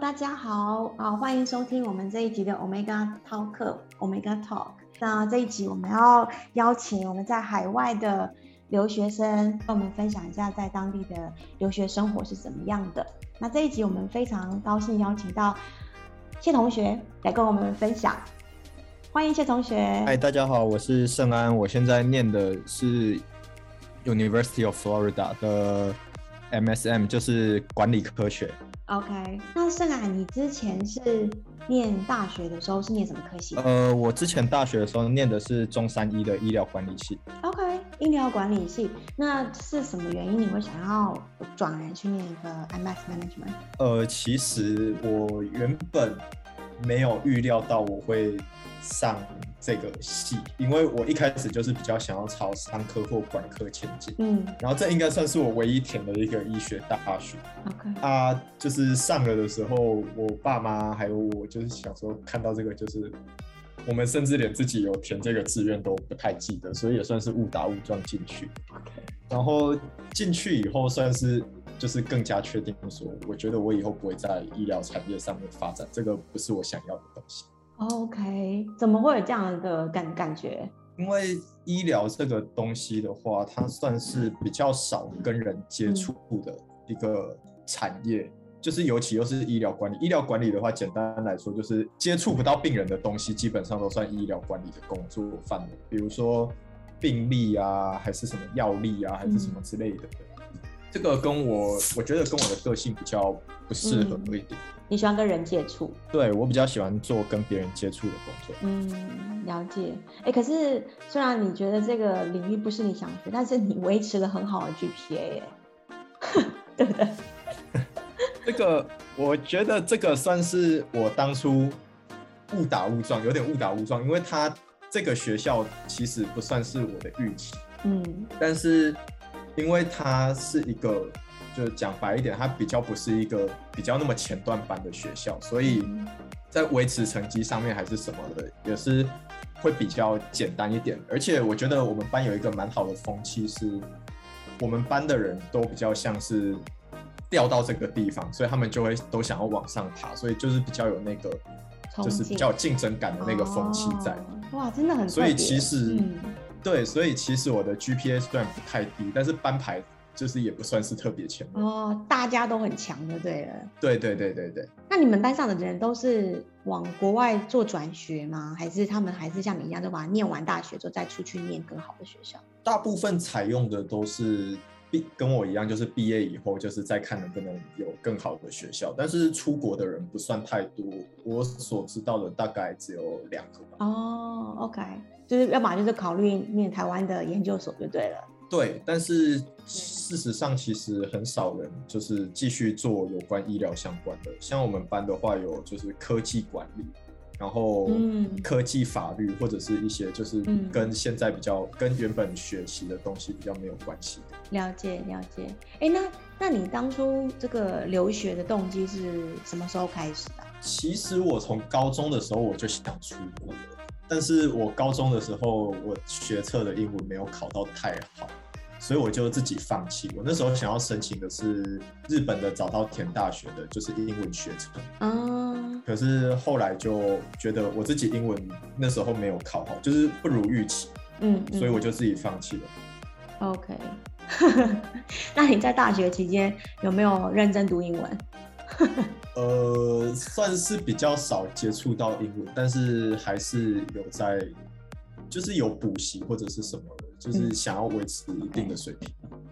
大家好，啊，歡迎收聽我們這一集的《Omega Talk》。Omega Talk，那這一集我們要邀請我們在海外的留學生，跟我們分享一下在當地的留學生活是怎麼樣的。那這一集我們非常高興邀請到謝同學來跟我們分享。歡迎謝同學。嗨，大家好，我是盛安，我現在念的是 University of Florida 的。M.S.M 就是管理科學。O.K. 那盛安，你之前是念大學的時候是念什麼科系？呃，我之前大學的時候念的是中山醫的醫療管理系。O.K. 醫療管理系，那是什麼原因你會想要轉而去念一個 M.S. Management？呃，其實我原本。沒有預料到我會上這個系，因為我一開始就是比較想要朝商科或管科前進。嗯，然後這應該算是我唯一填的一個醫學大，大學。OK，啊，就是上了的時候，我爸媽還有我，就是想說看到這個，就是我們甚至連自己有填這個志願都不太記得，所以也算是誤打誤撞進去。OK，然後進去以後算是就是更加確定說，我覺得我以後不會在醫療產業上面發展，這個不是我想要的東西。Oh, OK，怎麼會有這樣的感感覺？因為醫療這個東西的話，它算是比較少跟人接觸的一個產業，嗯、就是尤其又是醫療管理。醫療管理的話，簡單來說就是接觸不到病人的東西，基本上都算醫療管理的工作範圍，比如說病歷啊，還是什麼藥歷啊，嗯、還是什麼之類的。這個跟我，我覺得跟我的個性比較不適合一點、嗯。你喜歡跟人接觸？對，我比較喜歡做跟別人接觸的工作。嗯，了解。哎，可是雖然你覺得這個領域不是你想學，但是你維持了很好的 GPA，哎， 對,不對對不對。這個我覺得這個算是我當初誤打誤撞，有點誤打誤撞，因為他這個學校其實不算是我的預期。嗯，但是。因為他是一個，就是講白一點，他比較不是一個比較那麼前段班的學校，所以在維持成績上面還是什麼的，也是會比較簡單一點。而且我覺得我們班有一個蠻好的風氣是，是我們班的人都比較像是掉到這個地方，所以他們就會都想要往上爬，所以就是比較有那個，衝擊。就是比較有競爭感的那個風氣在。哦、哇，真的很。所以其實。嗯對，所以其實我的 GPA 算不太低，但是班排就是也不算是特別強哦，大家都很強的。對的，對對對對對。那你們班上的人都是往國外做轉學嗎？還是他們還是像你一樣，就把它念完大學之後再出去念更好的學校？大部分採用的都是。跟我一樣，就是畢業以後，就是再看能不能有更好的學校。但是出國的人不算太多，我所知道的大概只有兩個吧。哦，oh，OK，就是要麼就是考慮念台灣的研究所就對了。對，但是事實上其實很少人就是繼續做有關醫療相關的。像我們班的話，有就是科技管理。然後，嗯，科技法律，或者是一些就是跟現在比較，跟原本學習的東西比較沒有關係的。了解，了解。哎，那那你當初這個留學的動機是什麼時候開始的？其實我從高中的時候我就想出國了，但是我高中的時候我學測的英文沒有考到太好，所以我就自己放棄。我那時候想要申請的是日本的早稻田大學的，就是英文學程。嗯、哦。可是後來就覺得我自己英文那時候沒有考好，就是不如預期，嗯，嗯，所以我就自己放棄了。OK， 那你在大學期間有沒有認真讀英文？ 呃，算是比較少接觸到英文，但是還是有在，就是有補習或者是什麼，就是想要維持一定的水平。嗯，OK。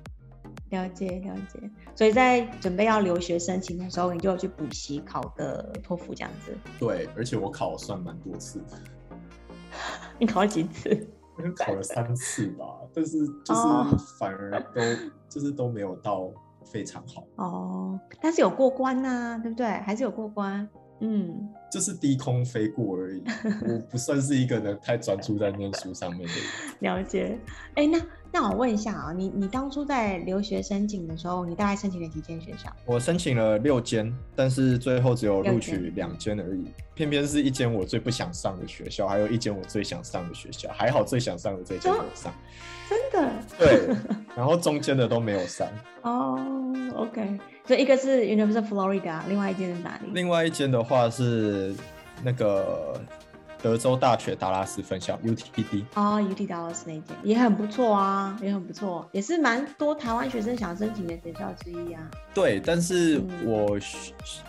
了解了解，所以在準備要留學申請的時候，你就有去補習考個托福這樣子。對，而且我考了算蠻多次。 你考了幾次？好像考了三次吧， 但是就是反而都、哦、就是都沒有到非常好。哦，但是有過關啊，對不對？還是有過關。嗯，就是低空飛過而已。我不算是一個人太專注在念書上面的 了解。哎、欸，那那我問一下啊，你你當初在留學申請的時候，你大概申請了幾間學校？我申請了六間，但是最後只有錄取兩間而已。間偏偏是一間我最不想上的學校，還有一間我最想上的學校，還好最想上的這一間上、哦。真的？對。然後中間的都沒有上。哦、 oh,，OK。所以一個是 University of Florida，另外一間是哪裡？另外一間的話是那個。德州大學達拉斯分校 UTD 啊，UT 達拉斯那間也很不錯啊，也很不錯，也是蠻多台灣學生想申請的學校之一啊。對，但是我，、嗯、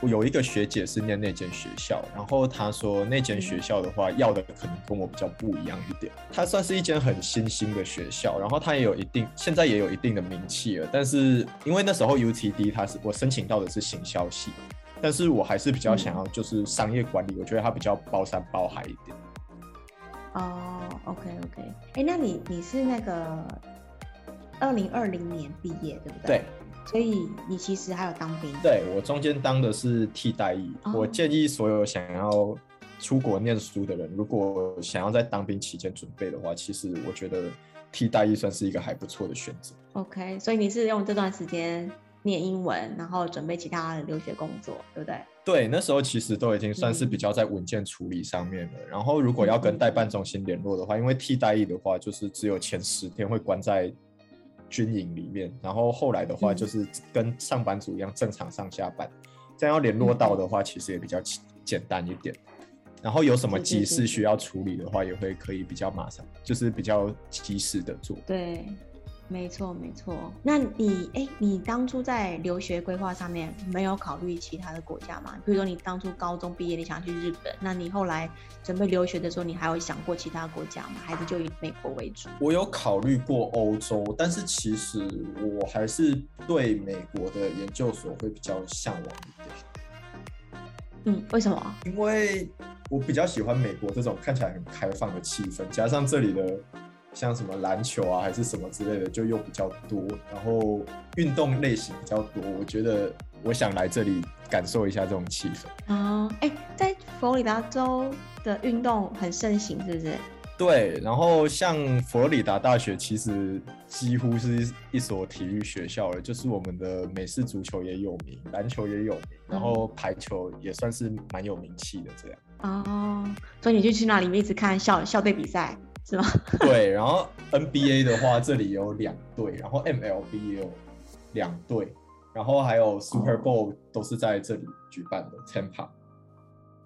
我有一個學姐是念那間學校，然後她說那間學校的話，要的可能跟我比較不一樣一點。它算是一間很新興的學校，然後它也有一定，現在也有一定的名氣了。但是因為那時候 UTD 它是我申請到的是行銷系。但是我還是比較想要，就是商業管理，嗯、我覺得它比較包山包海一點。哦、oh，OK OK，哎、欸，那你你是那個二零二零年畢業對不對？對，所以你其實還有當兵？對，我中間當的是替代役。Oh. 我建議所有想要出國念書的人，如果想要在當兵期間準備的話，其實我覺得替代役算是一個還不錯的選擇。OK，所以你是用這段時間。念英文，然後準備其他的留學工作，對不對？對，那時候其實都已經算是比較在文件處理上面了。嗯、然後如果要跟代辦中心聯絡的話，嗯、因為替代役的話，就是只有前十天會關在軍營裡面，然後後來的話就是跟上班族一樣正常上下班。這樣、嗯、要聯絡到的話，其實也比較簡單一點。然後有什麼急事需要處理的話，也會可以比較馬上，就是比較及時的做。對。沒錯，沒錯。那你誒、欸，你當初在留學規劃上面沒有考慮其他的國家嗎？比如說你當初高中畢業你想去日本，那你後來準備留學的時候，你還有想過其他國家嗎？還是就以美國為主？我有考慮過歐洲，但是其實我還是對美國的研究所會比較向往一點。嗯，為什麼？因為我比較喜歡美國這種看起來很開放的氣氛，加上這裡的。像什麼籃球啊，還是什麼之類的，就又比較多，然後運動類型比較多。我覺得，我想來這裡感受一下這種氣氛。哦，哎、欸，在佛羅里達州的運動很盛行，是不是？對，然後像佛羅里達大學其實幾乎是一所體育學校了，就是我們的美式足球也有名，籃球也有名，然後排球也算是蠻有名氣的這樣、嗯。哦，所以你就去那裡面一直看校校隊比賽。是嗎？對，然後 NBA 的話， 這裡有兩隊，然後 MLB 也有兩隊，然後還有 Super Bowl 都是在這裡舉辦的。Tampa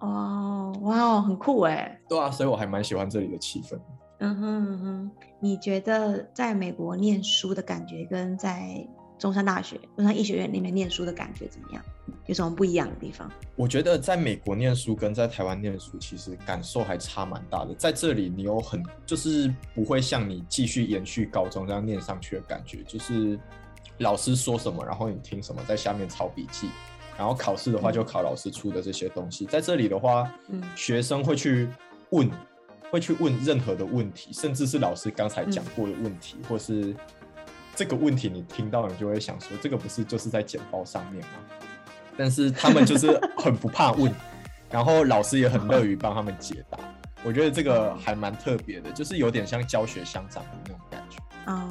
哦，哇，很酷哎！對啊，所以我還蠻喜歡這裡的氣氛。嗯哼哼，hmm, mm hmm. 你覺得在美國念書的感覺跟在中山大學中山醫學院那邊念書的感覺怎麼樣？有什麼不一樣的地方？我覺得在美國念書跟在台灣念書其實感受還差蠻大的。在這裡，你有很就是不會像你繼續延續高中這樣念上去的感覺，就是老師說什麼，然後你聽什麼，在下面抄筆記，然後考試的話就考老師出的這些東西。在這裡的話，嗯，學生會去問，會去問任何的問題，甚至是老師剛才講過的問題，嗯、或是。這個問題你聽到你就會想說，這個不是就是在簡報上面嗎？但是他們就是很不怕問， 然後老師也很樂於幫他們解答。Uh huh. 我覺得這個還蠻特別的，就是有點像教學相長的那種感覺。哦、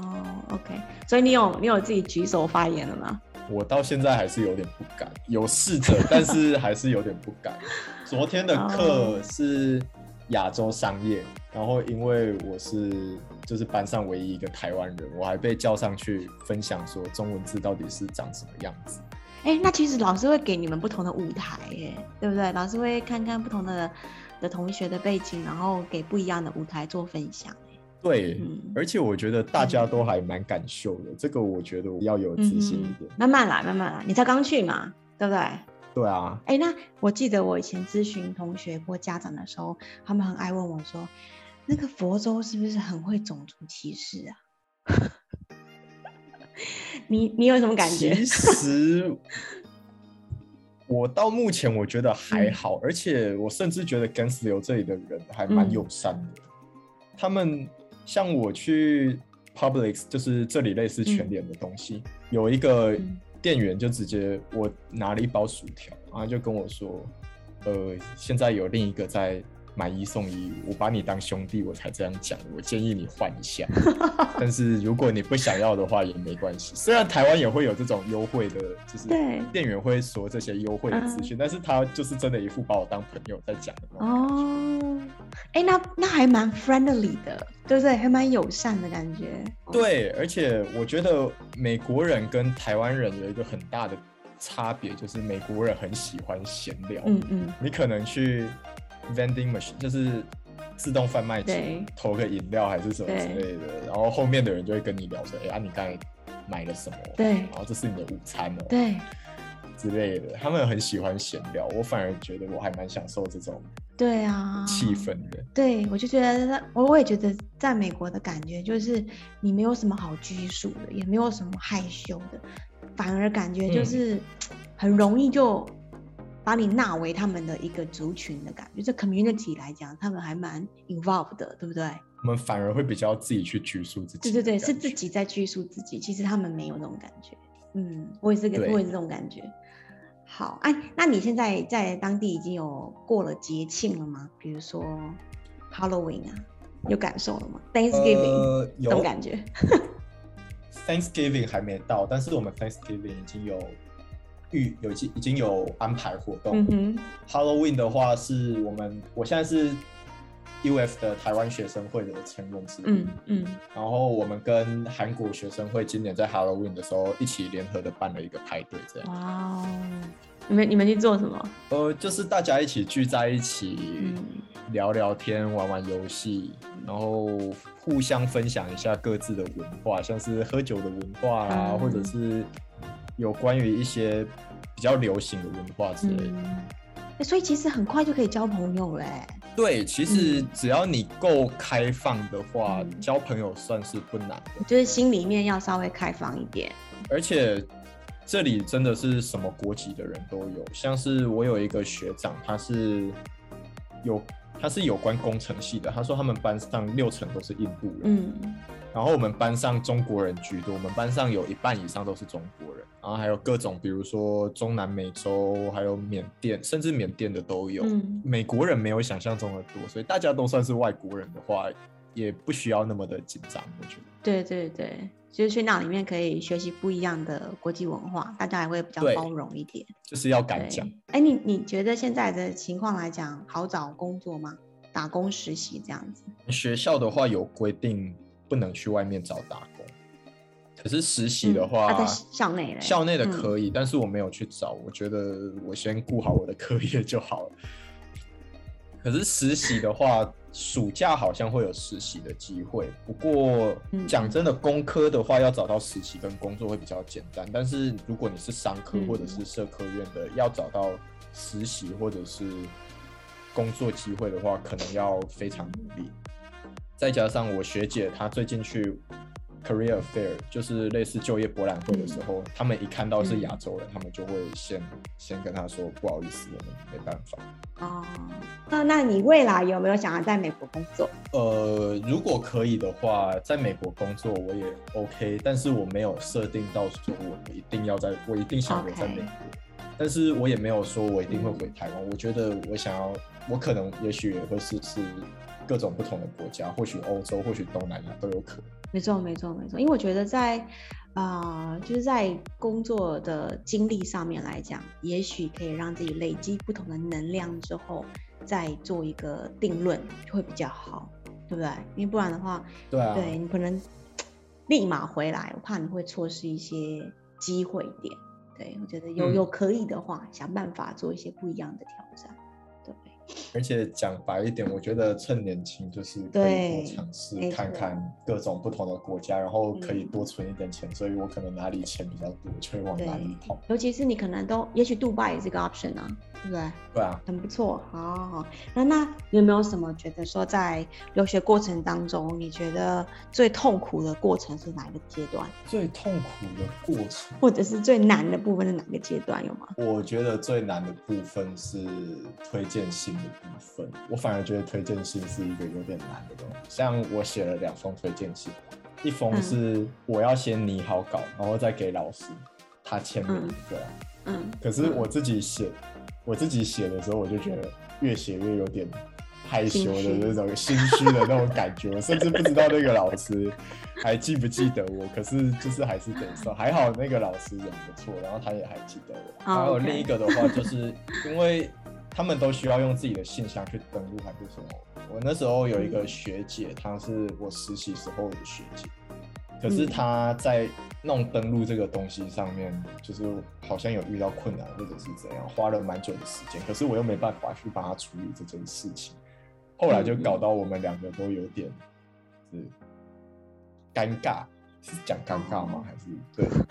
oh, OK，所以你有你有自己舉手發言了嗎？我到現在還是有點不敢，有試着，但是還是有點不敢。昨天的課是亞洲商業，oh. 然後因為我是。就是班上唯一一個台灣人，我還被叫上去分享說中文字到底是長什麼樣子。哎、欸，那其實老師會給你們不同的舞台、欸，對不對？老師會看看不同的的同學的背景，然後給不一樣的舞台做分享、欸。對，嗯、哼而且我覺得大家都還蠻敢秀的，嗯、哼這個我覺得要有自信一點。嗯、慢慢來，慢慢來，你才剛去嘛，對不對？對啊。哎、欸，那我記得我以前諮詢同學或家長的時候，他們很愛問我說。那個佛州是不是很會種族歧視啊？ 你你有什麼感覺？其實我到目前我覺得還好，嗯、而且我甚至覺得 Gainesville 這裡的人還蠻友善的。嗯、他們像我去 Publix 就是這裡類似全聯的東西，嗯、有一個店員就直接我拿了一包薯條，然後就跟我說：“呃，現在有另一個在。”買一送一，我把你當兄弟，我才這樣講。我建議你換一下，但是如果你不想要的話 也沒關係。雖然台灣也會有這種優惠的，就是店員會說這些優惠的資訊，對但是他就是真的一副把我當朋友在講的哦，哎、欸，那那還蠻 friendly 的，對不對？還蠻友善的感覺。對，而且我覺得美國人跟台灣人有一個很大的差別，就是美國人很喜歡閒聊。嗯嗯，你可能去。Vending machine 就是自動販賣機，對投個飲料還是什麼之類的，對然後後面的人就會跟你聊說：“哎、欸、呀，啊、你剛買了什麼？”對，然後這是你的午餐哦、喔，對之類的。他們很喜歡閒聊，我反而覺得我還蠻享受這種對啊氣氛的。對，我就覺得，我我也覺得，在美國的感覺就是你沒有什麼好拘束的，也沒有什麼害羞的，反而感覺就是很容易就。把你納為他們的一個族群的感覺，這 community 來講，他們還蠻 involved 的，對不對？我們反而會比較自己去拘束自己。對對對，是自己在拘束自己。其實他們沒有那種感覺。嗯，我也是個，對我也是這種感覺。好，哎、啊，那你現在在當地已經有過了節慶了嗎？比如說 Halloween 啊，有感受了嗎？Thanksgiving，呃，這種感覺。有 Thanksgiving 還沒到，但是我們 Thanksgiving 已經有。有已經有安排活動。嗯哼，Halloween 的話是我們，我現在是 UF 的台灣學生會的成員之一。嗯。嗯嗯，然後我們跟韓國學生會今年在 Halloween 的時候一起聯合的辦了一個派對，這樣。哇，你們你們去做什麼？呃，就是大家一起聚在一起聊聊天、玩玩遊戲，然後互相分享一下各自的文化，像是喝酒的文化啊，嗯，或者是。有關於一些比較流行的文化之類的，嗯欸、所以其實很快就可以交朋友嘞、欸。對，其實只要你夠開放的話，嗯、交朋友算是不難的。就是心裡面要稍微開放一點。而且這裡真的是什麼國籍的人都有，像是我有一個學長，他是有他是有關工程系的，他說他們班上六成都是印度人。嗯。然後我們班上中國人居多，我們班上有一半以上都是中國人，然後還有各種，比如說中南美洲，還有緬甸，甚至緬甸的都有。嗯，美國人沒有想象中的多，所以大家都算是外國人的話，也不需要那麼的緊張。我覺得，對對對，就是去那裡面可以學習不一樣的國際文化，大家還會比較包容一點，就是要敢講。哎，你你覺得現在的情況來講，好找工作嗎？打工實習這樣子？學校的話有規定。不能去外面找打工，可是實習的話，嗯啊、校內校內的可以，嗯、但是我沒有去找，我覺得我先顧好我的課業就好了。可是實習的話， 暑假好像會有實習的機會，不過、嗯、講真的，工科的話要找到實習跟工作會比較簡單，但是如果你是商科或者是社科院的，嗯嗯要找到實習或者是工作機會的話，可能要非常努力。再加上我學姐，她最近去 Career Fair，就是類似就業博覽會的時候，嗯、他們一看到是亞洲人，嗯、他們就會先先跟她說不好意思，我們沒辦法。哦，那那你未來有沒有想要在美國工作？呃，如果可以的話，在美國工作我也 OK，但是我沒有設定到說我一定要在，我一定想留在，在美國，Okay. 但是我也沒有說我一定會回台灣。嗯、我覺得我想要，我可能也許也會試試。各種不同的國家，或許歐洲，或許東南亞都有可能。沒錯，沒錯，沒錯。因為我覺得在啊、呃，就是在工作的經歷上面來講，也許可以讓自己累積不同的能量之後，再做一個定論就會比較好，對不對？因為不然的話，對，啊、對，對你可能立馬回來，我怕你會錯失一些機會點。對我覺得有有可以的話，嗯、想辦法做一些不一樣的挑戰。而且講白一點，我覺得趁年輕就是可以多嘗試看看各種不同的國家，對然後可以多存一點錢，嗯、所以我可能哪裡錢比較多就會往哪裡跑。尤其是你可能都，也許杜拜也是個 option 呢、啊。對，對對啊，很不錯。好，好，好，好那那有沒有什麼覺得說，在留學過程當中，你覺得最痛苦的過程是哪一個階段？最痛苦的過程，或者是最難的部分是哪個階段？有嗎？我覺得最難的部分是推薦信的部分。我反而覺得推薦信是一個有點難的東西。像我寫了兩封推薦信，一封是我要先擬好稿，然後再給老師他簽名。嗯、對啊，嗯。可是我自己寫。嗯我自己寫的時候，我就覺得越寫越有點害羞的那種心虛虛的那種感覺。 甚至不知道那個老師還記不記得我， 可是就是還是得說，還好那個老師人不錯，然後他也還記得我。還有、oh, okay. 另一個的話，就是因為他們都需要用自己的信箱去登錄還是什麼。我那時候有一個學姐，她是我實習時候的學姐。可是他在弄登錄這個東西上面，就是好像有遇到困難或者是怎樣，花了蠻久的時間。可是我又沒辦法去幫他處理這件事情，後來就搞到我們兩個都有點是尷尬，是講尷尬嗎？還是對？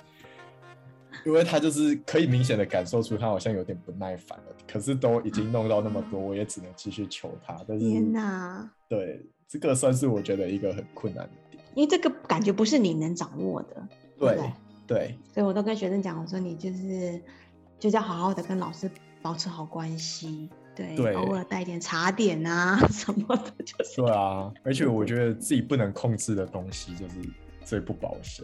因為他就是可以明顯的感受出他好像有點不耐煩了，可是都已經弄到那麼多，嗯、我也只能繼續求他。但是天哪，對，這個算是我覺得一個很困難的點。因為這個感覺不是你能掌握的。對對。對吧對，所以我都跟學生講，我說你就是就是要好好的跟老師保持好關係，對，對偶爾帶一點茶點啊什麼的，就是。對啊，而且我覺得自己不能控制的東西就是最不保險。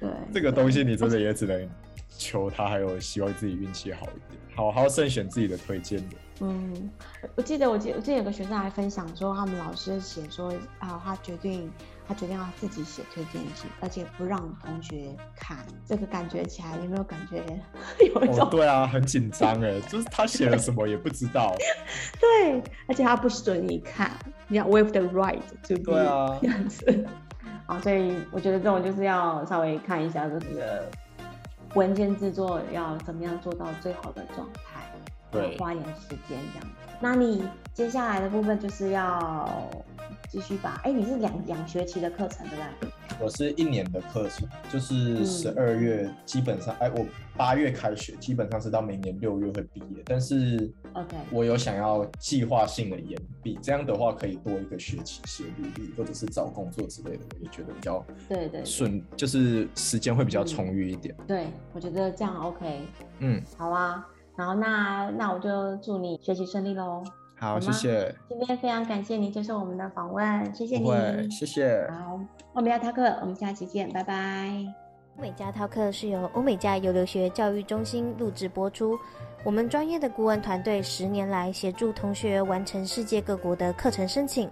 對這個東西，你真的也只能求他，還有希望自己運氣好一點，好好慎選自己的推薦人。嗯，我記得我記得我記得有個學生來分享說，他們老師寫說啊，他決定他決定要自己寫推薦信，而且不讓同學看。這個感覺起來有沒有感覺有一種、哦？對啊，很緊張哎， 就是他寫了什麼也不知道。對，而且他不准你看，你要 waive the right，就對啊，這樣子。啊，所以我覺得這種就是要稍微看一下這個文件制作要怎麼樣做到最好的狀態，對，花點時間這樣。那你接下來的部分就是要繼續把，哎，你是兩兩學期的課程，對不對？我是一年的課程，就是十二月，基本上，嗯、哎，我八月開學，基本上是到明年六月會畢業。但是，我有想要計劃性的延畢，Okay. 這樣的話可以多一個學期寫履歷，或者是找工作之類的，我也覺得比較對對順，就是時間會比較充裕一點。嗯、對，我覺得這樣 OK。嗯，好啊，然後那那我就祝你學習順利嘍。好嗎，謝謝。今天非常感謝您接受我們的訪問，謝謝你，謝謝。好，歐美加 Talk，我們下期見，拜拜。歐美加 Talk 是由歐美加遊留學教育中心錄製播出，我們專業的顧問團隊十年來協助同學完成世界各國的課程申請。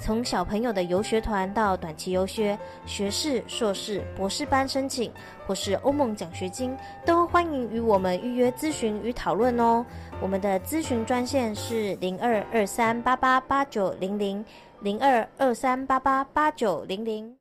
從小朋友的遊學團到短期遊學、學士、碩士、博士班申請，或是歐盟獎學金，都歡迎與我們預約諮詢與討論哦。我們的諮詢專線是零二二三八八八九零零，零二二三八八八九零零。